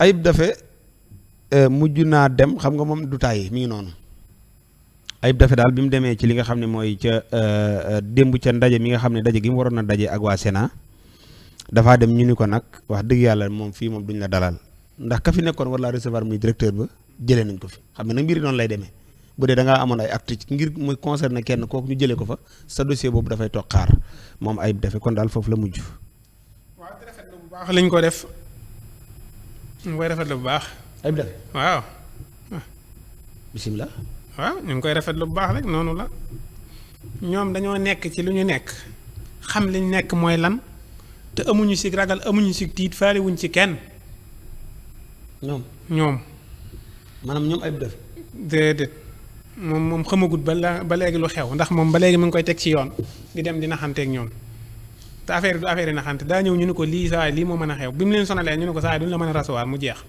ayib dafe euh, mujj naa dem xam nga moom du tàyyi mi ngi noonu ayib dafe daal bi mu demee ci li nga xam ne mooy ca euh, euh, démb ca ndaje mi nga xam ne daje gi mu waroon na daje ak waa Sénat dafaa dem ñu ni ko nag wax dëgg yàlla moom fii moom duñ la dalal ndax ka fi nekkoon war laa recevoir muy directeur ba jële nañ ko fi xam ne nag mbir noonu lay demee bu dee da amoon ay acte ngir muy concerné kenn kook ñu jëlee ko fa sa dossier boobu dafay toog xaar moom ayib dafe daal foofu la mujj. waaw ñu ngi koy rafetlu bu baax. ayib la waaw. bisimilah. waaw ñu ngi koy rafetlu bu baax rek noonu la. ñoom dañoo nekk ci lu ñu nekk. xam li nekk mooy lan. te amuñu si ragal amuñu si tiit faaliwuñ ci kenn. ñoom ñoom. maanaam ñoom ayib def. déedéet moom moom xamagut ba la ba léegi lu xew ndax moom ba léegi mu ngi koy teg ci yoon di dem di naxanteeg ñoom. te affaire du affaire yi naxante daa ñëw ñu ne ko lii saa yi lii moo mën a xew bi mu leen sonalee ñu ne ko saa yi duñu la mën a recevoir mu jeex.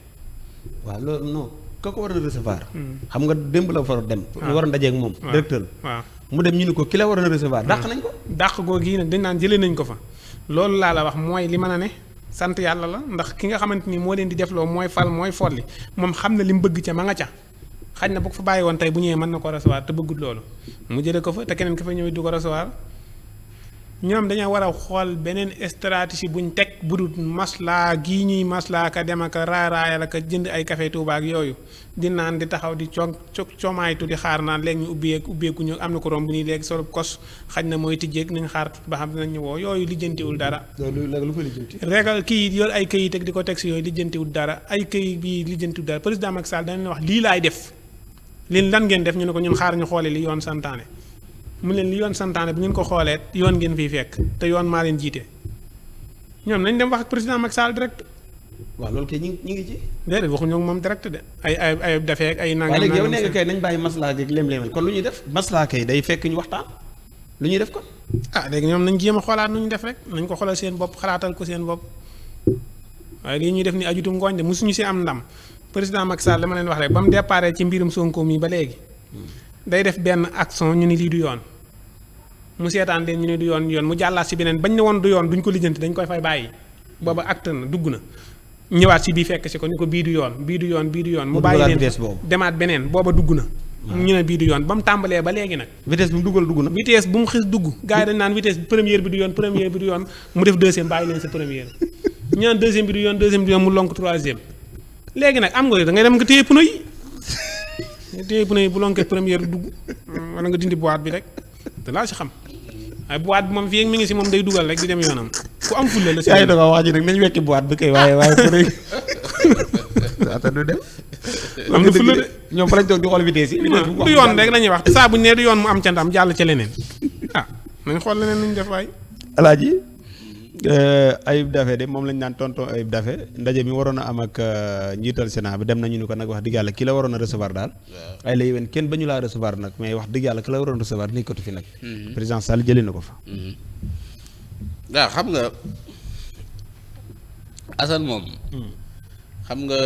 waaw loolu non kooku war a recevoir. Hmm. xam nga démb la fa dem. waaw hmm. waroon moom. Hmm. directeur mu dem ñu ne ko war la waroon a recevoir. dàq nañ ko dàq googu yi nag dañ naan jëlee nañ ko fa. loolu laa la wax mooy li mën a ne sant yàlla la ndax ki nga xamante ni moo leen di defloo mooy fal mooy folli moom xam na li mu bëgg ca ma nga ca xaj na bu ko fa bàyyi woon tey bu ñëwee mën na ko recevoir te bëggut loolu mu jëlee ko fa te keneen ki fa ñëwee du ñoom dañoo war a xool beneen stratégie buñ teg bu budut maslaa gii ñuy maslaa ka dem ak raaraayal ak jënd ay café Touba yooyu di naan di taxaw di cog co coomaaytu di xaar naan léegi ñu ubbeeku ubbeeku ñu am na ko romb nii léegi solo kos xaj na mooy tijjeeg nañ xaar ba xam dinañ ñu woo yooyu lijjantiwul dara. loolu lu ko kii yor ay këyit ak di ko teg si yooyu lijjantiwul dara ay këyit bii lijjantiwul dara président Macky Sall danañ wax lii laay def lii lan ngeen def ñu ne ko ñun xaar ñu xoole li yoon santaane mu leen li yoon santaane bi ngeen ko xoolee yoon ngeen fiy fekk te yoon maa leen jiite ñoom nañ dem wax ak président Macky Sall direct. waaw loolu ñu ngi ci. déedéet waxuñu moom direct de ay ay ay dafee ay. nangam nangam waaye léegi yow nee nga kay nañ bàyyi maslaa lu ñuy def maslaa kay day fekk ñu waxtaan lu ñuy def kon. ah léegi ñoom nañ jéem a xoolaat nu ñu def rek nañ ko xoolal seen bopp xalaatal ko seen bopp waaye lii ñuy def ni ajutum ngooñ mosuñu si am ndam président Macky Sall dama leen wax rek ba mu déparé ci mbirum Sonko mi ba léegi hmm. day def benn action ñu ni lii du yoon mu seetaan leen ñu ne du yoon yoon mu jàllaat si beneen bañ ne woon du yoon duñ ko lijjanti dañ koy fay bàyyi booba acte na dugg na ñëwaat si bii fekk si ko ni ko bii du yoon bii du yoon bii du yoon mu bàyyi leen demaat beneen booba dugg na ñu bii du yoon ba mu tàmbalee ba léegi nag vitesse bu dugg na vitesse bu dugg gars naan vitesse première bi du yoon première bi du yoon mu def deuxième bàyyi leen sa première ñu naan deuxième bi du yoon deuxième mu lonk troisième léegi nag am nga da ngay dem nga téye pneu yi téye pneu yi bu lonkee première bi dugg wala nga dindi boîte bi rek da laa si xam waaye boîte bi moom fii mi ngi si moom day dugal rek di dem yoonam ku am fulla la si. yaay da nga wax ji nag nañ wekki boîte bi kay waaye waaye bu rek du dem. am na fulla de ñoom fa lañ toog di xool vitesse yi. du yoon rek lañuy wax saa bu ñu nee du yoon mu am ca ndam jàll ca leneen ah nañ xool leneen nuñ def waay alaaji Euh, Ayib Daffé de moom lañ naan tonton Ayib dafe ndaje mi waroon a am ak euh, njiital Sénat bi dem nañu ni ko nag wax dëgg yàlla ki la waroon a recevoir daal. ay la yéwén kenn ba ñu laa recevoir nag mais wax dëgg yàlla ki la waroon a recevoir nekkatu fi nag. Mm-hmm. président Sall jëlee ko fa. Mm-hmm. waa xam nga Assane moom. Mm. xam nga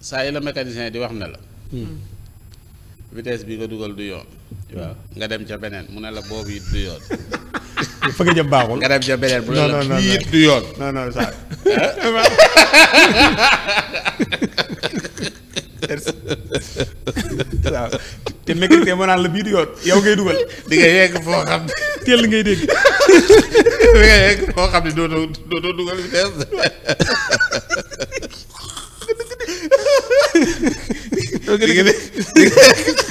saa yi la mécanicien di wax na la. Mm. vitesse bi nga dugal du yoon. Mm. waaw nga dem ca beneen mu ne la boobu it du yoon. fa jëm baaxul. nga dem ca beneen bu la du yoon. te mécanicien moo bii du yoon yow ngay dugal. di nga yegg foo xam ne. teel ngay dégg. di nga yegg foo dugal vitesse.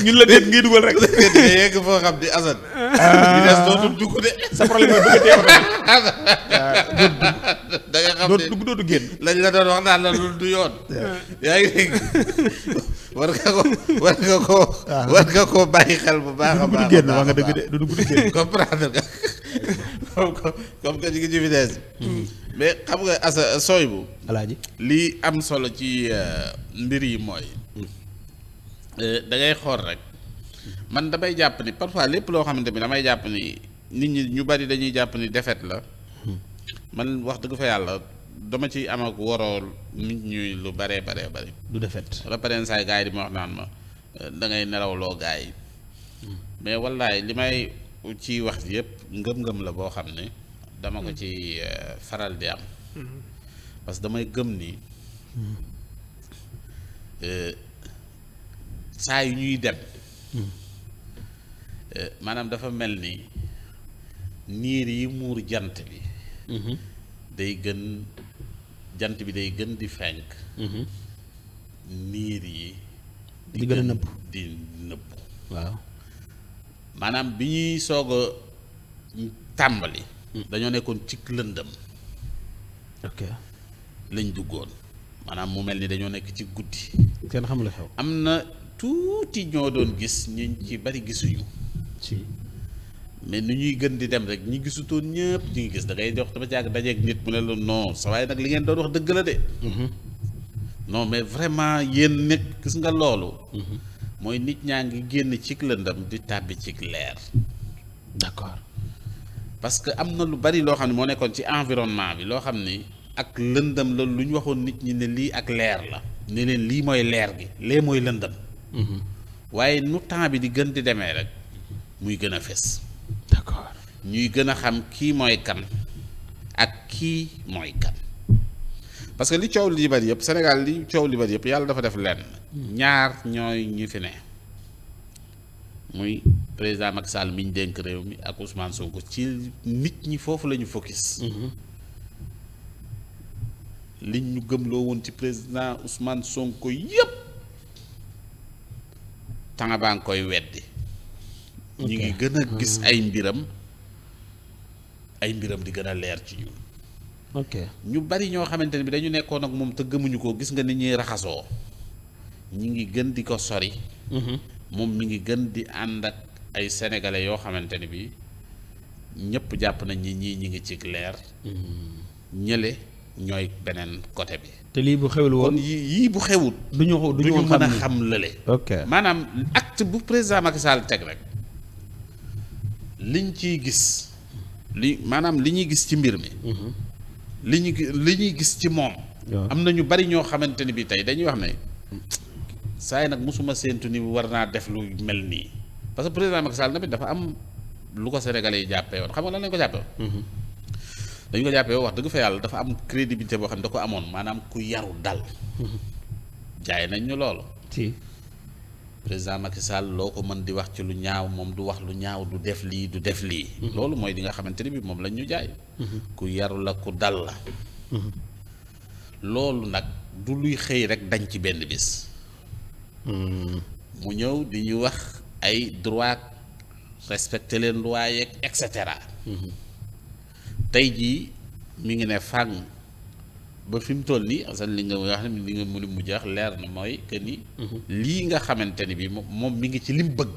ñun la déet ngay dugal rek. di yegg foo xam ne Assane. li ah. des de. sa problème mooy a ah, da nga xam ne dootul génn. lañ la doon wax naan la loolu du yoon. yaa ngi dégg war nga ko ah. war nga ko bàyyi xel bu baax a baax. du dugg génn wax nga dëgg de du dugg génn. comprendre nga comme comme que ñu ngi ci vitesse. Mm. mais xam nga asa sooy bu. alaaji lii am solo ci euh, mbir yi mooy. Mm. Euh, da xool rek. man damay jàpp ni parfois lépp loo xamante ni damay jàpp ni nit ñi ñu bari dañuy jàpp ni defet la man wax dëgg fa yàlla dama ci am ak warool nit ñuy lu baree baree bari du défaite reprene saay gars yi di ma wax naan ma euh, da ngay nelawloo gars yi hmm. mais wallaay li may ci wax yëpp ngëm-ngëm la boo xam ne dama ko hmm. ci euh, faral di am hmm. parce que damay gëm ni euh, saa yu ñuy dem Euh, maanaam dafa mel ni niir yi muur jant bi mm-hmm. day gën jant bi day gën di fenk mm-hmm. niir yi di gën a nëbb di nëbb waaw maanaam bi ñuy soog a tàmbali mm. dañoo nekkoon ci lëndëm ok lañ duggoon maanaam mu mel ni dañoo nekk ci guddi kenn xamul xew am na tuuti ñoo doon gis ñu ci bari gisuñu ci mais ni ñuy gën di dem rek ñi gisutoon ñëpp ñu ngi gis da ngay dox dama jàgg dajeeg nit mu ne la non sa waaye nag li ngeen doon wax dëgg la de. Mm-hmm. non mais vraiment yéen nekk gis nga loolu. Mm-hmm. mooy nit ñaa ngi génn ci lëndam di tàbbi ci leer. d'accord parce que am na lu bari loo xam ne moo nekkoon ci environnement bi loo xam ne ak lëndam la lu ñu waxoon nit ñi ne lii ak leer la. ne leen lii mooy leer gi lee mooy lëndam. Mm-hmm. waaye nu temps bi di gën di demee rek. muy gën a fes d'accord ñuy gën a xam kii mooy kan ak kii mooy kan parce que li coow li bari yëpp Sénégal li coow li bari yëpp yàlla dafa def lenn ñaar ñooy ñu fi ne muy président Macky Sall mi ñu dénk réew mi ak Ousmane Sonko ci nit ñi foofu la ñu focus. Mhm. liñ ñu gëmloo woon ci président Ousmane Sonko yëpp tanga baa weddi. ñu ngi gën a gis hmm. ay mbiram ay mbiram di gën a leer ci ñun. ñu bari ñoo xamante ne bi dañu nekkoon ak moom te gëmuñu ko gis nga ni ñuy raxasoo ñi ngi gën di ko sori. Mm-hmm. moom mi ngi gën di ànd ak ay sénégalais yoo xamante ne bi ñëpp jàpp nañ ñi ñii ñi ngi ci leer. Mm-hmm. ñële ñooy beneen côté bi. te lii bu xewul woon kon yii bu xewut. du ñu du mën a xam lële. maanaam acte bu président Macky Sall teg rek. liñ ciy gis li maanaam li ñuy gis ci mbir mi mhm. li ñu li ñuy gis ci moom am na ñu bari ñoo xamante ni bi tey dañuy wax ne saa yi nag mosuma séentu ni war naa def lu mel nii parce que président Macky Sall na bi dafa am lu ko Sénégalais yi jàppee woon xam nga lan lañ ko jàppee woon mhm. dañu ko jàppee wax dëgg fa yàlla dafa am crédibilité boo xam ne da ko amoon maanaam ku yaru dal mhm. jaay nañ ñu loolu président Macky Sall loo ko mën di wax ci lu ñaaw moom du wax lu ñaaw du def lii du def lii. Mhm. loolu mooy li nga xamante ni bi moom la ñu jaay. Mhm. ku yaru la ku dal la. Mhm. loolu nag du luy xëy rek dañ ci benn bis. mu ñëw di ñu wax ay droit respecter leen loi yeeg et cetera. tey jii mi ngi ne fang. ba fi mu toll nii Assane li nga wax ne li nga mën mu jeex leer na mooy que ni. Mhm. lii nga xamante ni bii moom mi ngi ci lim bëgg.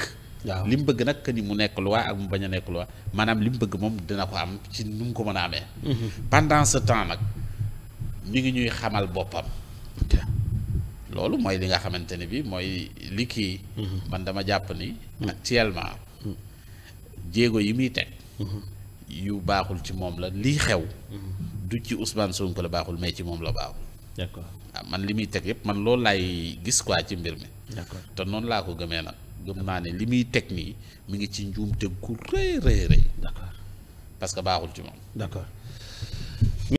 waaw li mu bëgg nag que mu nekk lu waa ak mu bañ a nekk loi maanaam li mu bëgg moom dina ko am ci nu mu ko mën a amee. Mhm. pendant ce temps nag mi ngi ñuy xamal boppam. loolu mooy li nga xamante ne bii mooy li kii. Mhm. man dama jàpp ni. actuellement jéego yi muy teg. yu baaxul ci moom la lii xew. du ci Ousmane Sonko la baaxul mais ci moom la baaxul. Ah, man li muy teg yëpp man loolu laay gis quoi ci mbir mi. d'accord te noonu laa ko gëmee nag gëm naa ne li muy teg mii mu ngi ci njuumte gu rëy rëy rëy. d'accord que baaxul ci moom. d'accord.